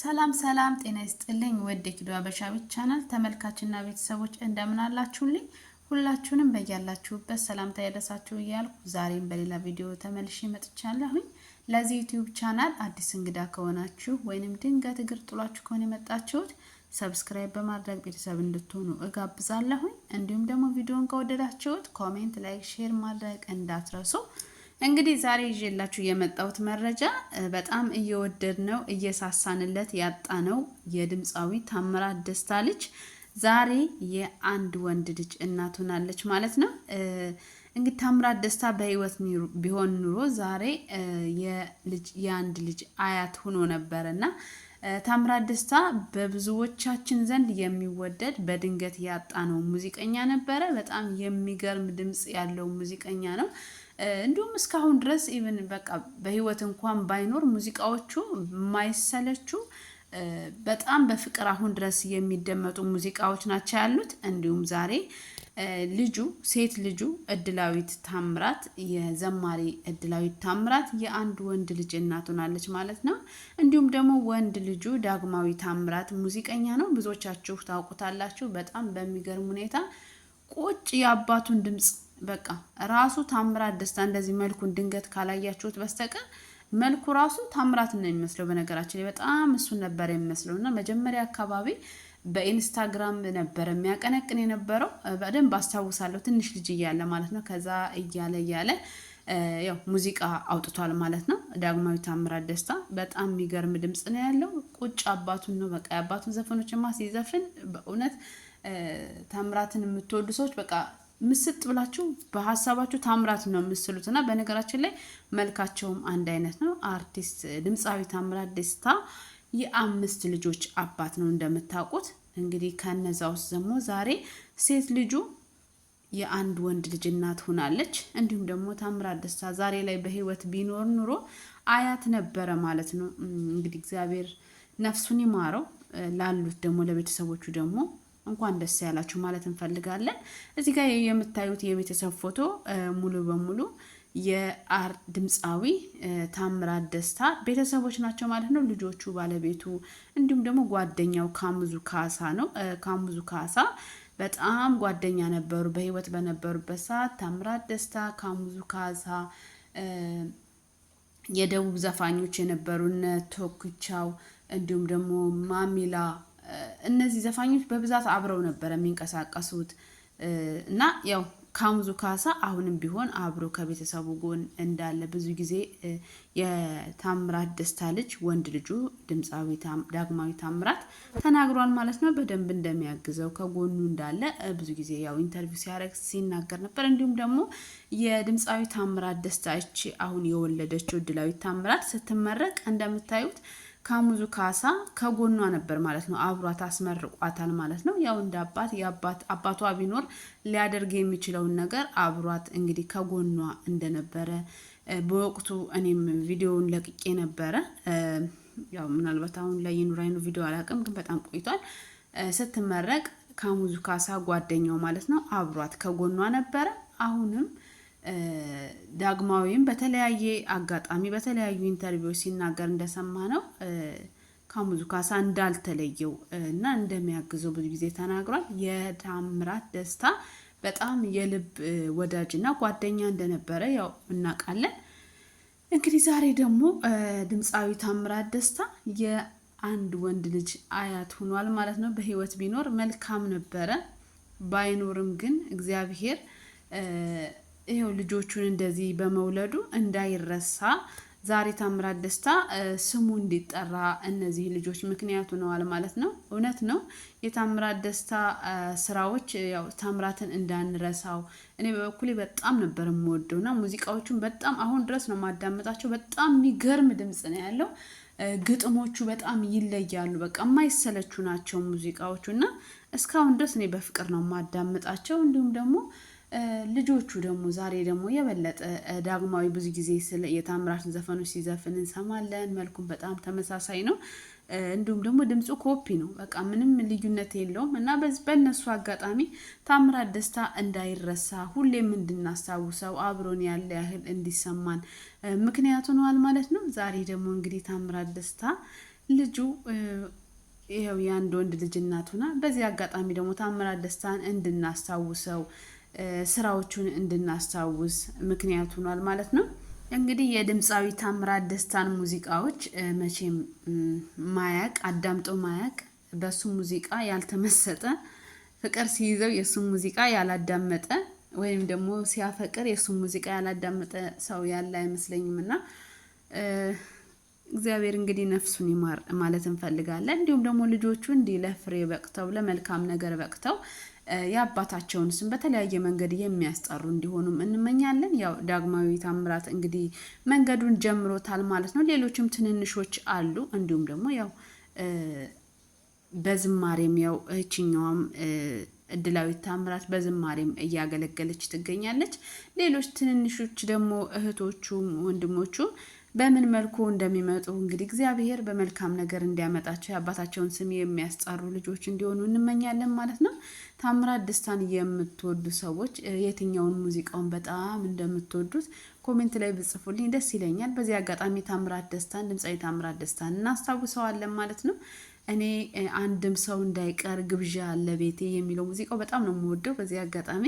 ሰላም ሰላም፣ ጤና ይስጥልኝ ውድ ኪዶ አበሻዊ ቻናል ተመልካችና ቤተሰቦች እንደምን አላችሁልኝ? ሁላችሁንም በያላችሁበት ሰላምታ ያደረሳችሁ እያልኩ ዛሬም በሌላ ቪዲዮ ተመልሼ መጥቻለሁኝ። ለዚህ ዩቲዩብ ቻናል አዲስ እንግዳ ከሆናችሁ ወይንም ድንገት እግር ጥሏችሁ ከሆነ የመጣችሁት ሰብስክራይብ በማድረግ ቤተሰብ እንድትሆኑ እጋብዛለሁኝ። እንዲሁም ደግሞ ቪዲዮን ከወደዳችሁት ኮሜንት፣ ላይክ፣ ሼር ማድረግ እንዳትረሱ። እንግዲህ ዛሬ ይዤላችሁ የመጣሁት መረጃ በጣም እየወደድ ነው እየሳሳንለት ያጣ ነው የድምፃዊ ታምራት ደስታ ልጅ ዛሬ የአንድ ወንድ ልጅ እናት ሆናለች ማለት ነው። እንግዲህ ታምራት ደስታ በህይወት ቢሆን ኑሮ ዛሬ የአንድ ልጅ አያት ሆኖ ነበር እና ታምራት ደስታ በብዙዎቻችን ዘንድ የሚወደድ በድንገት ያጣ ነው ሙዚቀኛ ነበረ። በጣም የሚገርም ድምፅ ያለው ሙዚቀኛ ነው። እንዲሁም እስካሁን ድረስ ኢቨን በቃ በህይወት እንኳን ባይኖር ሙዚቃዎቹ የማይሰለችው በጣም በፍቅር አሁን ድረስ የሚደመጡ ሙዚቃዎች ናቸው ያሉት። እንዲሁም ዛሬ ልጁ ሴት ልጁ እድላዊት ታምራት የዘማሪ እድላዊት ታምራት የአንድ ወንድ ልጅ እናት ሆናለች ማለት ነው። እንዲሁም ደግሞ ወንድ ልጁ ዳግማዊ ታምራት ሙዚቀኛ ነው፣ ብዙዎቻችሁ ታውቁታላችሁ። በጣም በሚገርም ሁኔታ ቁጭ የአባቱን ድምፅ በቃ ራሱ ታምራት ደስታ እንደዚህ መልኩን ድንገት ካላያችሁት በስተቀር መልኩ ራሱ ታምራት ነው የሚመስለው። በነገራችን ላይ በጣም እሱን ነበር የሚመስለው እና መጀመሪያ አካባቢ በኢንስታግራም ነበር የሚያቀነቅን የነበረው በደንብ አስታውሳለሁ። ትንሽ ልጅ እያለ ማለት ነው። ከዛ እያለ እያለ ያው ሙዚቃ አውጥቷል ማለት ነው። ዳግማዊ ታምራት ደስታ በጣም የሚገርም ድምፅ ነው ያለው። ቁጭ አባቱን ነው በቃ የአባቱን ማ ሲዘፍን በእውነት ታምራትን የምትወዱ ሰዎች በቃ ምስጥ ብላችሁ በሀሳባችሁ ታምራት ነው የምስሉት። እና በነገራችን ላይ መልካቸውም አንድ አይነት ነው። አርቲስት ድምፃዊ ታምራት ደስታ የአምስት ልጆች አባት ነው እንደምታውቁት። እንግዲህ ከነዛ ውስጥ ደግሞ ዛሬ ሴት ልጁ የአንድ ወንድ ልጅ እናት ሆናለች። እንዲሁም ደግሞ ታምራት ደስታ ዛሬ ላይ በህይወት ቢኖር ኑሮ አያት ነበረ ማለት ነው። እንግዲህ እግዚአብሔር ነፍሱን ይማረው። ላሉት ደግሞ ለቤተሰቦቹ ደግሞ እንኳን ደስ ያላችሁ ማለት እንፈልጋለን። እዚህ ጋር የምታዩት የቤተሰብ ፎቶ ሙሉ በሙሉ የአር ድምፃዊ ታምራት ደስታ ቤተሰቦች ናቸው ማለት ነው። ልጆቹ፣ ባለቤቱ እንዲሁም ደግሞ ጓደኛው ካሙዙ ካሳ ነው። ካሙዙ ካሳ በጣም ጓደኛ ነበሩ። በህይወት በነበሩበት ሰዓት ታምራት ደስታ፣ ካሙዙ ካሳ የደቡብ ዘፋኞች የነበሩ እነ ቶክቻው እንዲሁም ደግሞ ማሚላ እነዚህ ዘፋኞች በብዛት አብረው ነበር የሚንቀሳቀሱት እና ያው ካሙዙ ካሳ አሁንም ቢሆን አብሮ ከቤተሰቡ ጎን እንዳለ ብዙ ጊዜ የታምራት ደስታ ልጅ ወንድ ልጁ ድምፃዊ ዳግማዊ ታምራት ተናግሯል ማለት ነው። በደንብ እንደሚያግዘው ከጎኑ እንዳለ ብዙ ጊዜ ያው ኢንተርቪው ሲያደርግ ሲናገር ነበር። እንዲሁም ደግሞ የድምፃዊ ታምራት ደስታ እቺ አሁን የወለደችው ድላዊ ታምራት ስትመረቅ እንደምታዩት ካሙዙ ካሳ ከጎኗ ነበር ማለት ነው። አብሯት አስመርቋታል ማለት ነው። ያው እንደ አባት የአባት አባቷ ቢኖር ሊያደርግ የሚችለውን ነገር አብሯት እንግዲህ ከጎኗ እንደነበረ በወቅቱ እኔም ቪዲዮውን ለቅቄ ነበረ። ያው ምናልባት አሁን ላይ የኑራይኑ ቪዲዮ አላውቅም፣ ግን በጣም ቆይቷል። ስትመረቅ ካሙዙ ካሳ ጓደኛው ማለት ነው አብሯት ከጎኗ ነበረ አሁንም ዳግማዊም በተለያየ አጋጣሚ በተለያዩ ኢንተርቪዎች ሲናገር እንደሰማ ነው ከሙዙ ካሳ እንዳልተለየው እና እንደሚያግዘው ብዙ ጊዜ ተናግሯል። የታምራት ደስታ በጣም የልብ ወዳጅ እና ጓደኛ እንደነበረ ያው እናውቃለን። እንግዲህ ዛሬ ደግሞ ድምፃዊ ታምራት ደስታ የአንድ ወንድ ልጅ አያት ሆኗል ማለት ነው። በህይወት ቢኖር መልካም ነበረ፣ ባይኖርም ግን እግዚአብሔር ይኸው ልጆቹን እንደዚህ በመውለዱ እንዳይረሳ ዛሬ ታምራት ደስታ ስሙ እንዲጠራ እነዚህ ልጆች ምክንያቱ ነዋል ማለት ነው። እውነት ነው። የታምራት ደስታ ስራዎች ያው ታምራትን እንዳንረሳው እኔ በበኩሌ በጣም ነበር የምወደው እና ሙዚቃዎቹን በጣም አሁን ድረስ ነው ማዳመጣቸው። በጣም የሚገርም ድምፅ ነው ያለው። ግጥሞቹ በጣም ይለያሉ። በቃ የማይሰለቹ ናቸው ሙዚቃዎቹ እና እስካሁን ድረስ እኔ በፍቅር ነው ማዳመጣቸው እንዲሁም ደግሞ ልጆቹ ደግሞ ዛሬ ደግሞ የበለጠ ዳግማዊ ብዙ ጊዜ ስለ የታምራትን ዘፈኖች ሲዘፍን እንሰማለን። መልኩም በጣም ተመሳሳይ ነው። እንዲሁም ደግሞ ድምፁ ኮፒ ነው። በቃ ምንም ልዩነት የለውም እና በእነሱ አጋጣሚ ታምራት ደስታ እንዳይረሳ ሁሌም እንድናስታውሰው አብሮን ያለ ያህል እንዲሰማን ምክንያቱ ነዋል ማለት ነው። ዛሬ ደግሞ እንግዲህ ታምራት ደስታ ልጁ ይኸው የአንድ ወንድ ልጅ እናት ሆና በዚህ አጋጣሚ ደግሞ ታምራት ደስታን እንድናስታውሰው ስራዎቹን እንድናስታውስ ምክንያት ሆኗል ማለት ነው። እንግዲህ የድምፃዊ ታምራት ደስታን ሙዚቃዎች መቼም ማያቅ አዳምጦ ማያቅ በሱ ሙዚቃ ያልተመሰጠ ፍቅር ሲይዘው የእሱ ሙዚቃ ያላዳመጠ ወይም ደግሞ ሲያፈቅር የእሱ ሙዚቃ ያላዳመጠ ሰው ያለ አይመስለኝም እና እግዚአብሔር እንግዲህ ነፍሱን ይማር ማለት እንፈልጋለን። እንዲሁም ደግሞ ልጆቹ እንዲህ ለፍሬ በቅተው ለመልካም ነገር በቅተው የአባታቸውን ስም በተለያየ መንገድ የሚያስጠሩ እንዲሆኑም እንመኛለን። ያው ዳግማዊ ታምራት እንግዲህ መንገዱን ጀምሮታል ማለት ነው። ሌሎችም ትንንሾች አሉ። እንዲሁም ደግሞ ያው በዝማሬም ያው እችኛዋም እድላዊት ታምራት በዝማሬም እያገለገለች ትገኛለች። ሌሎች ትንንሾች ደግሞ እህቶቹም ወንድሞቹ በምን መልኩ እንደሚመጡ እንግዲህ እግዚአብሔር በመልካም ነገር እንዲያመጣቸው የአባታቸውን ስም የሚያስጠሩ ልጆች እንዲሆኑ እንመኛለን ማለት ነው። ታምራት ደስታን የምትወዱ ሰዎች የትኛውን ሙዚቃውን በጣም እንደምትወዱት ኮሜንት ላይ ብጽፉልኝ ደስ ይለኛል። በዚህ አጋጣሚ ታምራት ደስታን ድምፃዊ ታምራት ደስታን እናስታውሰዋለን ማለት ነው። እኔ አንድም ሰው እንዳይቀር ግብዣ አለ ቤቴ የሚለው ሙዚቃው በጣም ነው የምወደው። በዚህ አጋጣሚ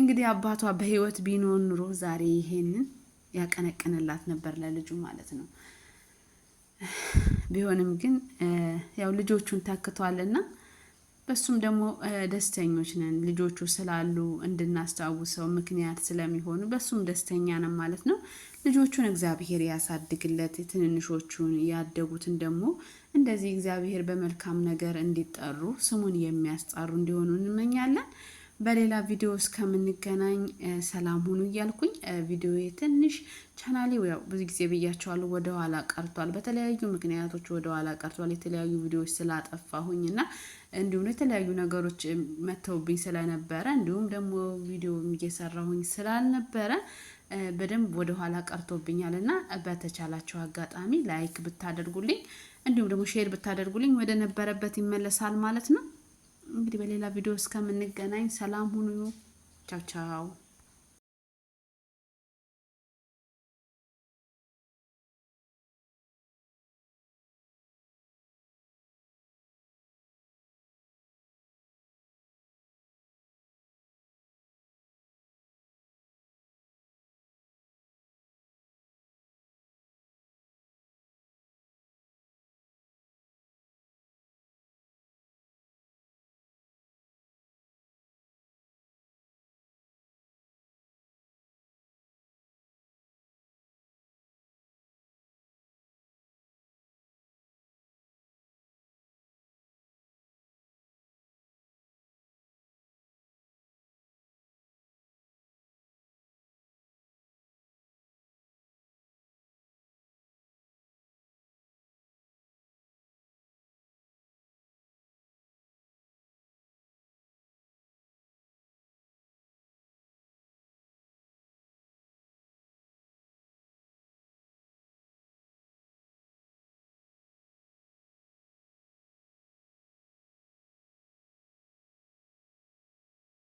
እንግዲህ አባቷ በሕይወት ቢኖር ኑሮ ዛሬ ይሄንን ያቀነቀነላት ነበር ለልጁ ማለት ነው። ቢሆንም ግን ያው ልጆቹን ተክቷልና በሱም ደግሞ ደስተኞች ነን። ልጆቹ ስላሉ እንድናስታውሰው ምክንያት ስለሚሆኑ በሱም ደስተኛ ነን ማለት ነው። ልጆቹን እግዚአብሔር ያሳድግለት፣ ትንንሾቹን ያደጉትን ደግሞ እንደዚህ እግዚአብሔር በመልካም ነገር እንዲጠሩ ስሙን የሚያስጠሩ እንዲሆኑ እንመኛለን። በሌላ ቪዲዮ እስከምንገናኝ ሰላም ሁኑ እያልኩኝ ቪዲዮ ትንሽ ቻናሌ ያው ብዙ ጊዜ ብያቸዋለሁ ወደኋላ ቀርቷል። በተለያዩ ምክንያቶች ወደኋላ ቀርቷል። የተለያዩ ቪዲዮዎች ስላጠፋሁኝ እና እንዲሁም የተለያዩ ነገሮች መተውብኝ ስለነበረ እንዲሁም ደግሞ ቪዲዮ እየሰራሁኝ ስላልነበረ በደንብ ወደኋላ ቀርቶብኛል እና በተቻላቸው አጋጣሚ ላይክ ብታደርጉልኝ እንዲሁም ደግሞ ሼር ብታደርጉልኝ ወደ ነበረበት ይመለሳል ማለት ነው። እንግዲህ በሌላ ቪዲዮ እስከምንገናኝ ሰላም ሁኑ። ቻው ቻው።